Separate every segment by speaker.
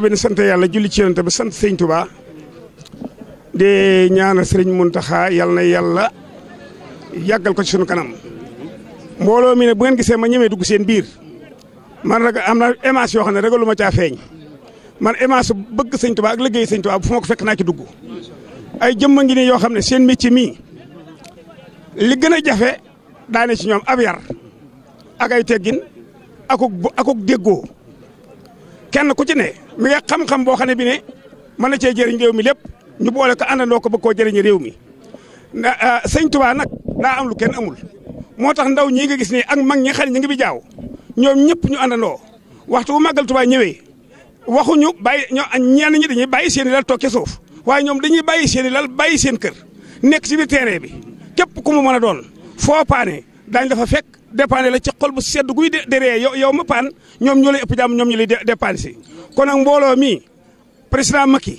Speaker 1: ginnaaw bi ne sant yàlla julli ci yonent ba sant sëñ Touba
Speaker 2: de ñaanal sëriñ Mountakha yàlla na yàlla yàggal ko ci sunu kanam mbooloo mi ne bu ngeen gisee ma ñemee dugg seen biir man rek am na émission yoo xam ne ragalu ma caa feeñ man émission bëgg sëñ Touba ak liggéey sëñ Touba bu fu ma ko fekk naa ci dugg ay jëmma ngi ne yoo xam ne seen métier mii li gën a jafe daane ci ñoom ab yar ak ay teggin akuk akuk déggoo. kenn ku ci ne mi nga xam-xam boo xam ne bi ne mën na cee jëriñ réew mi lépp ñu boole ko àndandoo ko bëgg koo jëriñ réew mi na ah, sëñ Tuubaa nag ndaa am lu kenn amul moo tax ndaw ñii nga gis ne ak mag ñi xel ñi ngi bi jaaw ñoom ñëpp ñu àndandoo waxtu wu màggal Tuubaa ñëwee waxuñu bàyyi ñoo ñenn ñi dañuy bàyyi seen i lal toog ci suuf waaye ñoom dañuy bàyyi seen i lal bàyyi seen kër nekk ci biir terrain bi képp ku mu mën a doon foo paane daañ dafa fekk dépanné la ci xol bu sedd guy déree yow yow ma paan ñoom ñoo lay ëpp ñoom ñu lay dépensé kon nag mbooloo mii président Macky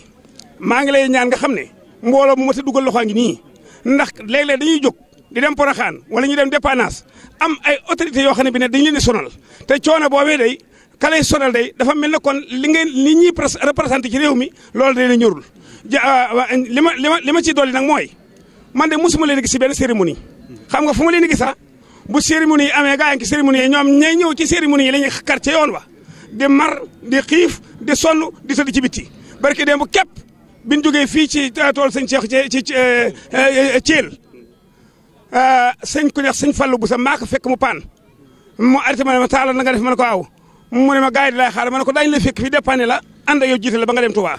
Speaker 2: maa ngi lay ñaan nga xam ne mbooloo mu ma ta dugal loxo ngi nii ndax léeg-léeg dañuy jóg di dem xaan wala ñu dem dépannage am ay autorités yoo xam ne bi ne dañu leen di sonal te coono boobee day ka lay sonal day dafa mel ne kon li ngeen li ñuy représenté ci réew mi loolu day la ñorul ja ah, li ma li ma li ma ciy dolli nag mooy man de mosuma leen gis si benn cérémonie xam nga fu ma leen gis sax ah? bu cérémonie yi amee gaa yi ngi cérémonie yi ñoom ñay ñëw ci cérémonie yi la ñuy xar ca yoon wa di mar de xiif de sonn di tëdd ci bitti barke dem bu kepp bi ñu jógee fii ci euh, tool sëñ Cheikh ci ci euh, euh, Thiel sëñ ku neex sëñ Fallou bu sa maa fekk mu paan mu arrêté ma ma taala na nga def ma ne ko aw mu ne ma gars yi di laay xaar ma ne ko daañu la fekk fi dépanné la ànd ak yow jiite la ba nga dem Touba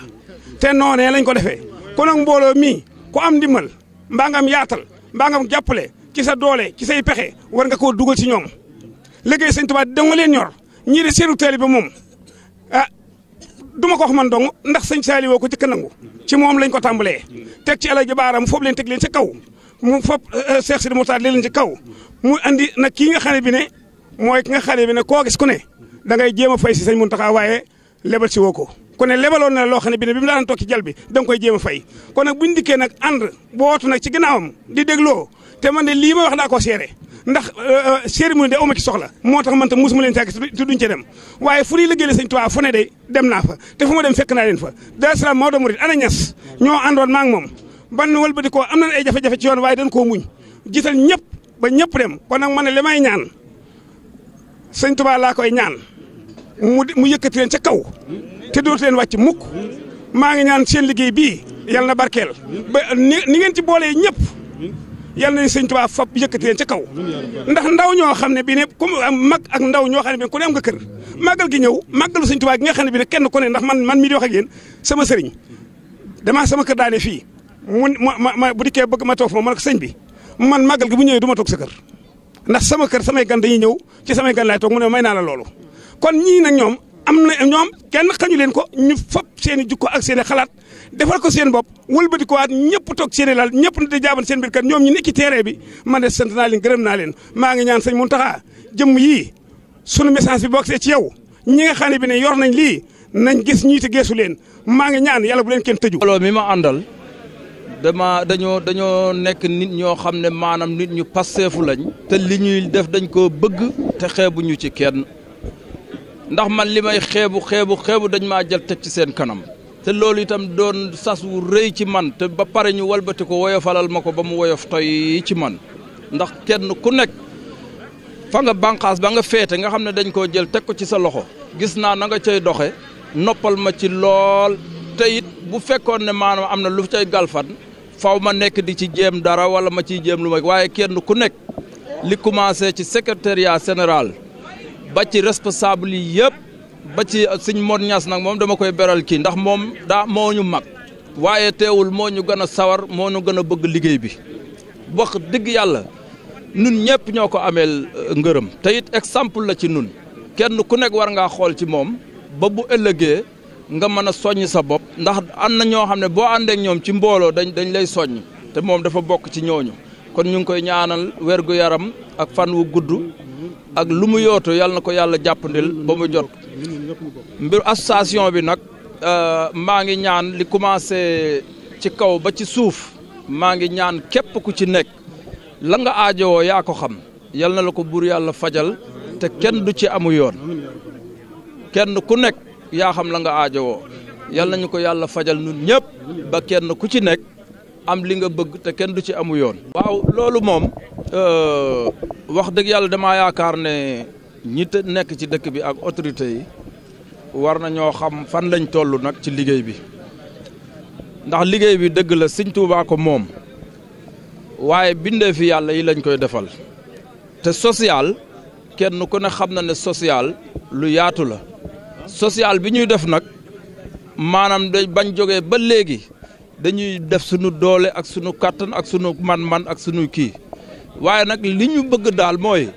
Speaker 2: te noonee lañ ko defee kon nag mbooloo mi ko am ndimbal mbaa nga am yaatal mbaa nga am jàppale ci sa doole ci say pexe war nga koo dugal ci ñoom liggéey sëñ Tuubaa da nga leen ñor ñii de seenu teel ba moom ah du ko wax man dong ndax sëñ Saali woo ko jëkk nangu ci moom lañ ko tàmbalee teg ci Alaaji Baaraam foofu leen teg leen ci kaw mu foofu Cheikh Sidi Moussa leen ci kaw mu andi nag kii nga xam ne bi ne mooy ki nga xam ne bi ne koo gis ku ne da jéem a fay si sëñ Muntaxa waaye lebal woo ko ku ne lebaloon na loo xam ne bi ne bi mu daan toog ci jal bi da koy jéem fay kon nag buñu dikkee nag ànd bootu nag ci gannaawam di dégloo te man de lii ma wax naa ko seere ndax cérémonie euh, euh, de awma ci soxla moo tax man tam mosuma leen sàkk te duñ dem waaye fu ñuy liggéeyal sëñ Tuubaa fu ne de dem naa fa te fu ma dem fekk naa leen fa Daaru Salaam Maodo Murid ana ñas ñoo àndoon maa ngi moom ban wëlbati koo am nañ ay jafe-jafe yoon waaye dañ koo muñ ñëpp ba ñëpp dem kon nag man ne li may ñaan sëñ Tuubaa laa koy ñaan mu mu yëkkati leen ca kaw te dootu leen wàcc mukk maa ngi ñaan seen liggéey bii yàlla na barkeel ba ni ngeen ci boolee ñëpp yal nañu sëñ Tuubaa fab yëkkati leen ca kaw ndax ndaw ñoo xam ne bi ne am mag ak ndaw ñoo xam ne bi ku ne am nga kër màggal gi ñëw màggalu sëñ Tuubaa gi nga xam ne bi ne kenn ku ne ndax man man mii di sama sëriñ damaa sama kër daane fii mu ma ma bu dikkee bëgg ma toog fa ma ne ko sëñ bi man màggal gi bu ñëwee du ma toog sa kër ndax sama kër samay gan dañuy ñëw ci samay gan laay toog mu ne may naa la loolu kon ñii nag ñoom am na ñoom kenn xañu leen ko ñu fab seen i jukko ak seeni xalaat defal ko seen bopp wëlbati ko waat ñëpp toog seen i lal ñëpp na jaaban seen biir kat ñoom ñu nekk ci terrain bi man de sant naa leen gërëm naa leen maa ngi ñaan sëñ Mountakha jëmm yii sunu message bi bokk see ci yow ñi nga xam bi ne yor nañ lii nañ gis ñii te geesu leen maa ngi ñaan yàlla bu leen kenn tëju. mbooloo mi ma àndal
Speaker 1: dama dañoo dañoo nekk nit ñoo xam ne maanaam nit ñu passeefu lañ. te li ñuy def dañ koo bëgg te xeebuñu ci kenn ndax man li may xeebu xeebu xeebu dañ maa jël teg ci seen kanam. te loolu itam doon sas wu rëy ci man te ba pare ñu walbati ko woyofalal ma ko ba mu woyof toy ci man ndax kenn ku nekk fa nga bànqaas ba nga féete nga xam ne dañ koo jël teg ko ci sa loxo gis naa na nga cey doxe noppal ma ci lool te it bu fekkoon ne maanaam am na lu ca galfan faw ma nekk di ci jéem dara wala ma ci jéem lu ma waaye kenn ku nekk li commencé ci secrétariat général ba ci responsable yi yëpp ba ci sëñ Mor Niass nag moom dama koy beral kii ndax moom daa moo ñu mag waaye teewul moo ñu gën a sawar moo ñu gën a bëgg liggéey bi wax dëgg yàlla nun ñëpp ñoo ko ameel euh, ngërëm te it exemple la ci nun kenn ku nekk war ngaa xool ci moom ba bu ëllëgee nga mën a soññ sa bopp ndax am na ñoo xam ne boo àndeek ñoom ci mbooloo dañ dañ lay soññ te moom dafa bokk ci ñooñu kon ñu ngi koy ñaanal wergu yaram ak fan wu gudd ak lu mu yootu yàlla na ko yàlla jàppandil ba mu jot mbir association bi nag euh, maa ngi ñaan li commencé ci kaw ba ci suuf maa ngi ñaan képp ku ci nekk la nga aajowoo yaa ko xam yal na la ko buur yàlla fajal te kenn du ci amu yoon kenn ku nekk yaa xam la nga aajowoo yal nañu ko yàlla fajal nun ñëpp ba kenn ku ci nekk am li nga bëgg te kenn du ci amu yoon. waaw loolu moom euh, wax dëgg yàlla damaa yaakaar ne ñi te nekk ci dëkk bi ak autorité yi war na ñoo xam fan lañ toll nag ci liggéey bi ndax liggéey bi dëgg la Sëñ Tuubaa ko moom waaye bindee fi yàlla yi lañ koy defal te social kenn ku ne xam na ne social lu yaatu la social bi ñuy def nag maanaam day bañ jógee ba léegi. dañuy def sunu doole ak sunu kattan ak sunu man-man ak sunu kii waaye nag li ñu bëgg daal mooy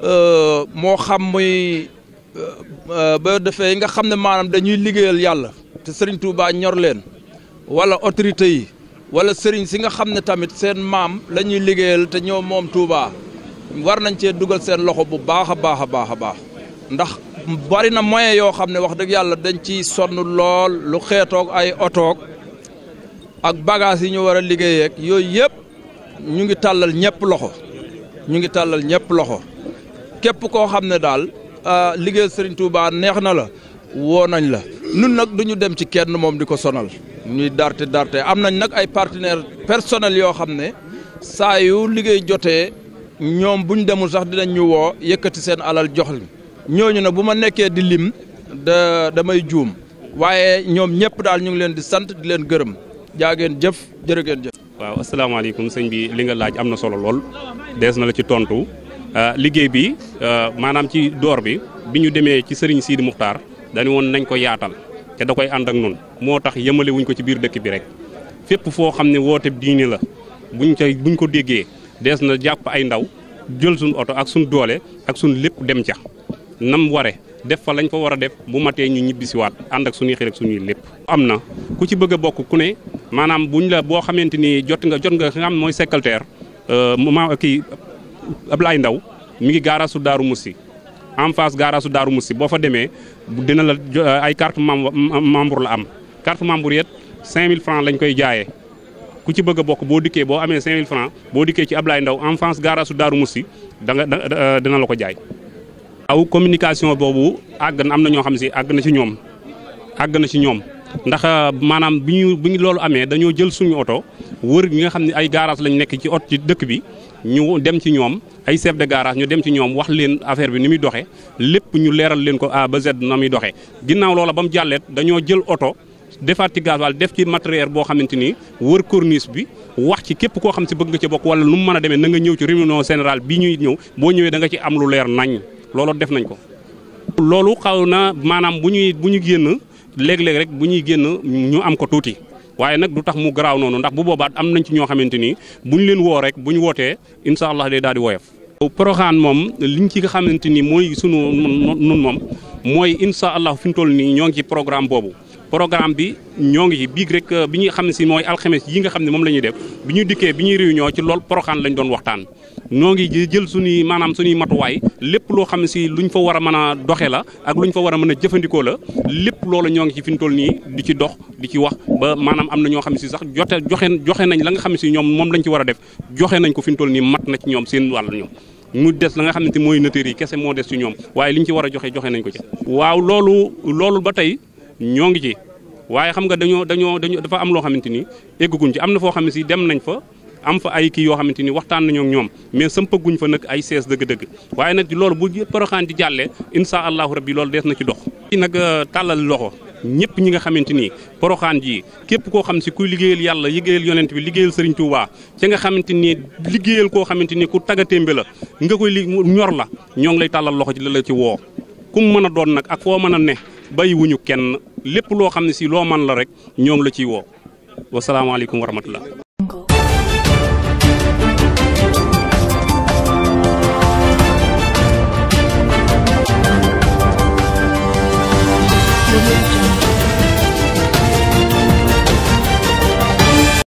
Speaker 1: euh, moo xam muy euh, euh, ba defee yi nga xam ne maanaam dañuy liggéeyal yàlla te Serigne Touba ñor leen wala autorité yi wala Serigne si nga xam ne tamit seen maam la liggéeyal te ñoo moom Touba war nañ cee dugal seen loxo bu baax a baax a baax a baax ndax bari na moyen yoo xam ne wax dëgg yàlla dañ ci sonnu lool lu xeetoog ay otoog ak bagage yi ñu war a liggéeyee ak yooyu yëpp ñu ngi tàllal ñëpp loxo ñu ngi tàllal ñëpp loxo képp koo xam ne daal ah, liggéey Serigne Touba neex na la woo nañ la nun nag du ñu dem ci kenn moom di ko sonal ñuy darte darte am nañ nag ay partenaires personnels yoo xam ne saa yu liggéey jotee ñoom bu ñu demul sax dinañ ñu woo yëkkati seen alal jox ñu ñooñu nag bu ma nekkee di lim da damay juum waaye ñoom ñëpp daal ñu ngi leen di sant di leen gërëm jaageen jëf jërëgeen jëf. waaw asalaamaaleykum sëñ bi li nga laaj am na solo lool dees na la ci tontu
Speaker 3: euh, liggéey bi euh, maanaam ci door bi bi ñu demee ci sëriñ Sidi Muxtaar dañu woon nañ ko yaatal te da koy ànd ak nun moo tax yëmale wuñ ko ci biir dëkk bi rek fépp foo xam ne woote diini la buñ ca buñ ko déggee dees na jàpp ay ndaw jël suñ oto ak suñ doole ak suñ lépp dem ca nam ware def fa lañ fa war a def bu matee ñu ñibbisiwaat ànd ak suñuy xel ak suñuy lépp. am na ku ci bëgg a bokk ku ne maanaam bu ñu la boo xamante ni jot nga jot nga nga xam mooy secrétaire euh, ma kii Ablaye Ndaw mu ngi gaaraasu Daaru Musi en face gaaraasu Daaru Musi boo fa demee dina la euh, ay carte membre la am carte membre yet 5000 francs lañ koy jaayee. ku ci bëgg a bokk boo dikkee boo amee 5000 francs boo dikkee ci Ablaye Ndaw en France gaaraasu Daaru Musi da nga euh, dina la ko jaay aw communication boobu àgg na am na ñoo xam si àgg na ci ñoom àgg na ci ñoom ndax euh, maanaam bi ñu bu ñu loolu amee dañoo jël suñu oto wër gi nga xam ne ay garage lañ nekk ci oto ci dëkk bi ñu dem ci ñoom ay chef de garage ñu dem ci ñoom wax leen affaire bi ni muy doxee lépp ñu leeral leen ko A ba Z na muy doxee ginnaaw loola ba mu jàlleet dañoo jël oto defaat ci def ci matériel boo xamante ni wër corniche bi wax ci képp koo xam si bëgg nga ci bokk wala nu mu mën a demee na nga ñëw ci réunion générale bi ñuy ñëw boo ñëwee ci am leer nañ loolu def nañ ko. loolu xaw na maanaam bu ñuy bu ñu génn léeg-léeg rek bu ñuy génn ñu am ko tuuti waaye nag du tax mu garaaw noonu ndax bu boobaa am nañ ci ñoo xamante ni bu ñu leen woo rek bu ñu wootee incha allah day daal di woyof. Poroxaan moom li ñu ci nga xamante ni mooy sunu nun moom mooy incha allah fi mu toll nii ñoo ngi ci programme boobu. programme bi ñoo ngi ci biig rek bi ñu xam ne si mooy alxames yi nga xam ne moom la ñuy def bi ñu dikkee bi ñuy réunion ci lool Poroxaan lañ doon waxtaan. noo ngi jël suñuy maanaam suñuy matuwaay lépp loo xam si luñ fa war a mën a doxe la ak luñ fa war a mën a jëfandikoo la lépp loolu ñoo ngi ci fi toll nii di ci dox di ci wax ba maanaam am na ñoo xam si sax jote joxe joxe nañ la nga xam si ñoom moom lañ ci war a def joxe nañ ko fi ñu toll nii mat na ci ñoom seen wàll ñoom mu des la nga xamante mooy notaire yi kese moo des ci ñoom waaye li ñu ci war a joxe joxe nañ ko ci waaw loolu loolu ba tey ñoo ngi ci waaye xam nga dañoo dañoo dañoo dafa am loo xamante ni egguguñ ci am na foo xam ne si dem nañ fa am fa ay kii yoo xamante ni waxtaan nañoo ñoom mais sampaguñ fa nag ay sees dëgg-dëgg waaye nag loolu bu Porokhane di jàllee incha allahu rabbi loolu dees na ci dox. ci nag euh, tàllal loxo ñëpp ñi nga xamante ni Porokhane jii képp koo xam si kuy liggéeyal yàlla liggéeyal yonent bi liggéeyal Serigne Touba ca nga xamante ni liggéeyal koo xamante ni ku tagatémbe la nga koy li ñor la ñoo ngi lay tàllal loxo ci la la ci woo kum mën a doon nag ak foo mën a ne bàyyiwuñu kenn lépp loo xam ne si loo man la rek ñoo la ciy woo wasalaamaaleykum wa rahmatullah